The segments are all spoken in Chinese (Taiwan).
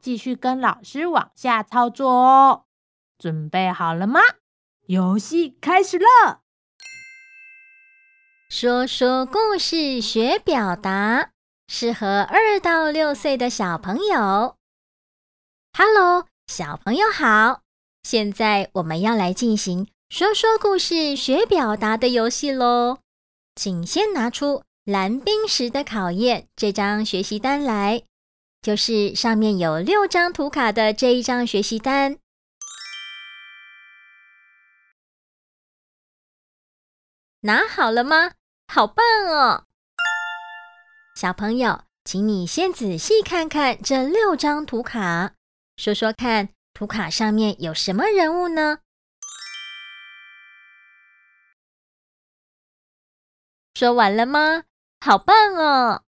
繼續跟老師往下操作哦，準備好了嗎？遊戲開始了。說說故事學表達，適合二到六歲的小朋友。Hello，小朋友好，現在我們要來進行說說故事學表達的遊戲咯，請先拿出《藍冰石的考驗》這張學習單來。就是上面有六張圖卡的這一張學習單，拿好了嗎？好棒哦！小朋友，請你先仔細看看這六張圖卡，說說看，圖卡上面有什麼人物呢？說完了嗎？好棒哦！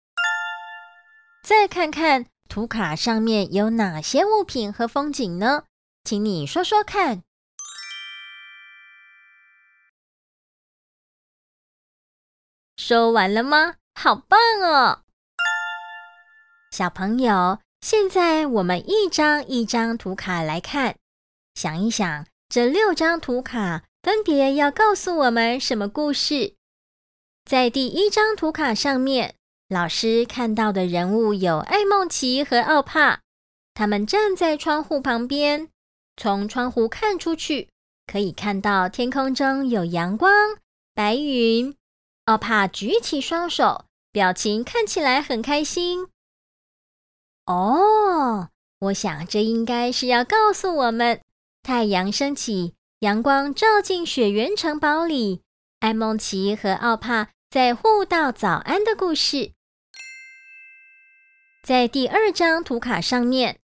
再看看。圖卡上面有哪些物品和風景呢？請你說說看。說完了嗎？好棒哦！小朋友，現在我們一張一張圖卡來看，想一想，這六張圖卡分別要告訴我們什麼故事？在第一張圖卡上面。老師看到的人物有愛孟奇和奧帕，他們站在窗戶旁邊，從窗戶看出去，可以看到天空中有陽光、白雲。奧帕舉起雙手，表情看起來很開心。哦，我想這應該是要告訴我們，太陽升起，陽光照進雪原城堡裡，愛孟奇和奧帕在互道早安的故事。在第二張圖卡上面，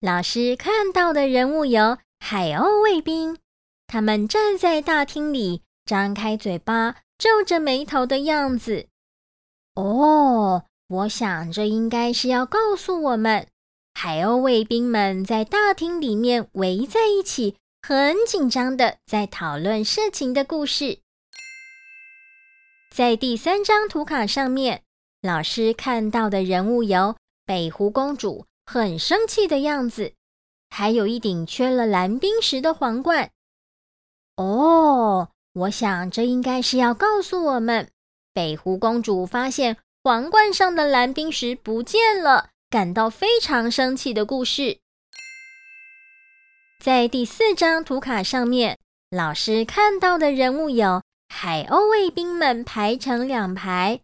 老師看到的人物有海鷗衛兵，他們站在大廳裡，張開嘴巴，皺着眉頭的樣子。哦，我想這應該是要告訴我們，海鷗衛兵們在大廳裡面圍在一起，很緊張的在討論事情的故事。在第三張圖卡上面，老師看到的人物有。北湖公主很生氣的樣子，還有一頂缺了藍冰石的皇冠。哦，我想這應該是要告訴我們，北湖公主發現皇冠上的藍冰石不見了，感到非常生氣的故事。在第四張圖卡上面，老師看到的人物有海鷗衛兵們排成兩排。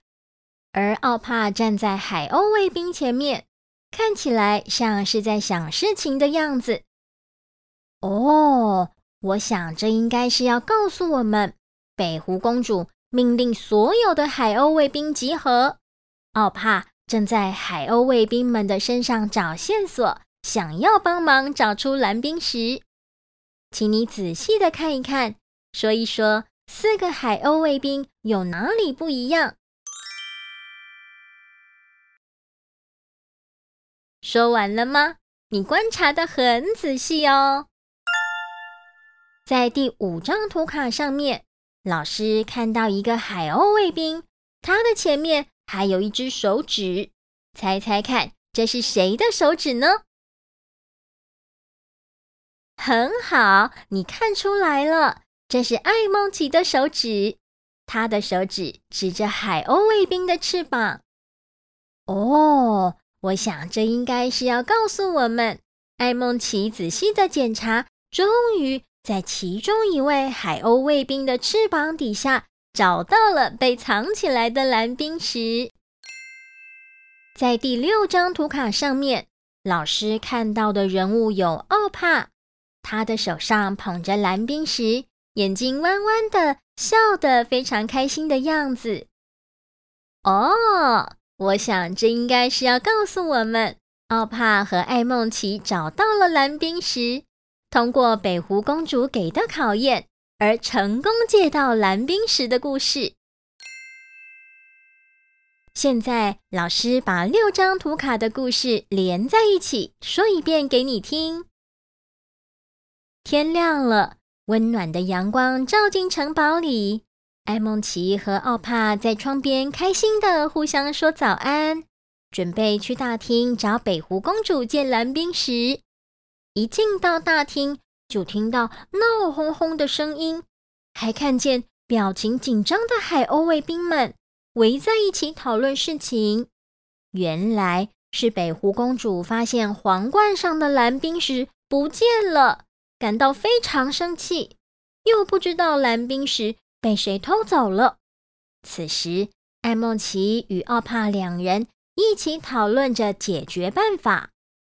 而奧帕站在海鷗衛兵前面，看起來像是在想事情的樣子。哦，我想這應該是要告訴我們，北湖公主命令所有的海鷗衛兵集合。奧帕正在海鷗衛兵們的身上找線索，想要幫忙找出藍冰石。請你仔細的看一看，說一說四個海鷗衛兵有哪裡不一樣？說完了嗎？你觀察得很仔細哦。在第五張圖卡上面，老師看到一個海鷗衛兵，它的前面還有一隻手指。猜猜看，這是誰的手指呢？很好，你看出來了，這是愛孟奇的手指。她的手指指着海鷗衛兵的翅膀。哦。我想，這應該是要告訴我們，愛孟奇仔細的檢查，終於在其中一位海鷗衛兵的翅膀底下找到了被藏起來的藍冰石。在第六張圖卡上面，老師看到的人物有奧帕，他的手上捧着藍冰石，眼睛彎彎的，笑得非常開心的樣子。哦。我想，這應該是要告訴我們，奧帕和愛孟奇找到了藍冰石，通過北湖公主給的考驗而成功借到藍冰石的故事。現在，老師把六張圖卡的故事連在一起說一遍給你聽。天亮了，溫暖的陽光照進城堡裡。艾孟奇和奧帕在窗邊開心的互相說早安，準備去大廳找北湖公主見藍冰石。一進到大廳，就聽到鬧哄哄的聲音，還看見表情緊張的海鷗衛兵們圍在一起討論事情。原來是北湖公主發現皇冠上的藍冰石不見了，感到非常生氣，又不知道藍冰石。被誰偷走了？此時，愛孟奇與奧帕兩人一起討論着解決辦法，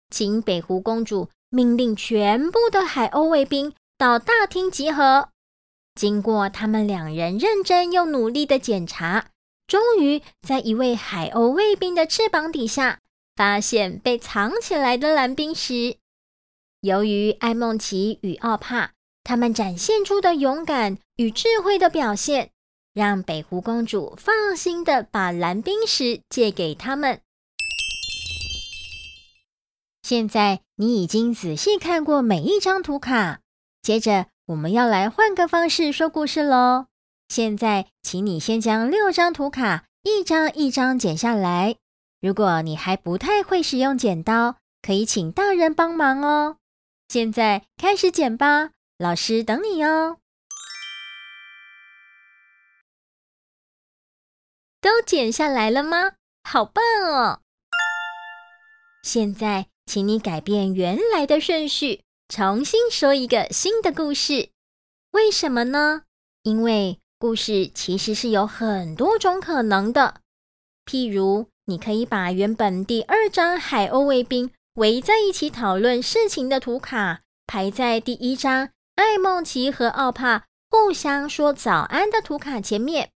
請北湖公主命令全部的海鷗衛兵到大廳集合。經過他們兩人認真又努力的檢查，終於在一位海鷗衛兵的翅膀底下發現被藏起來的藍冰石。由於愛孟奇與奧帕。他們展現出的勇敢與智慧的表現，讓北湖公主放心的把藍冰石借給他們。現在你已經仔細看過每一張圖卡，接着我們要來換個方式說故事嘍。現在，請你先將六張圖卡一張一張剪下來。如果你還不太會使用剪刀，可以請大人幫忙哦。現在開始剪吧。老師等你喲、哦！都剪下來了嗎？好棒哦！現在，請你改變原來的順序，重新說一個新的故事。為什麼呢？因為故事其實是有很多種可能的。譬如，你可以把原本第二張海鷗衛兵圍在一起討論事情的圖卡，排在第一張。愛孟奇和奧帕互相說早安的圖卡前面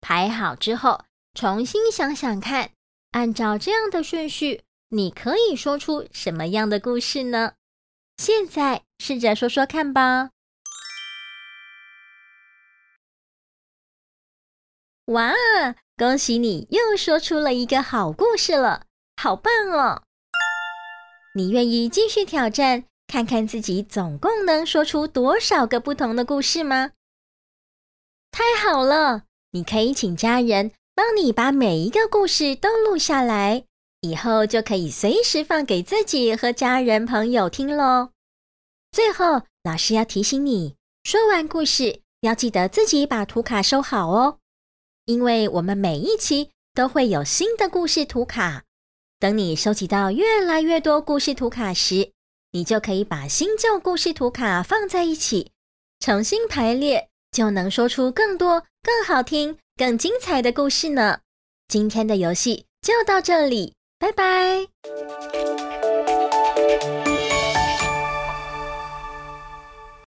排好之後，重新想想看，按照這樣的順序，你可以說出什麼樣的故事呢？現在試着說說看吧。哇，恭喜你又說出了一個好故事了，好棒哦！你願意繼續挑戰？看看自己總共能說出多少個不同的故事嗎？太好了，你可以請家人幫你把每一個故事都錄下來，以後就可以隨時放給自己和家人朋友聽嘍。最後，老師要提醒你，說完故事要記得自己把圖卡收好哦，因為我們每一期都會有新的故事圖卡，等你收集到越來越多故事圖卡時。你就可以把新舊故事圖卡放在一起，重新排列，就能說出更多、更好聽、更精彩的故事呢。今天的遊戲就到這裡，拜拜。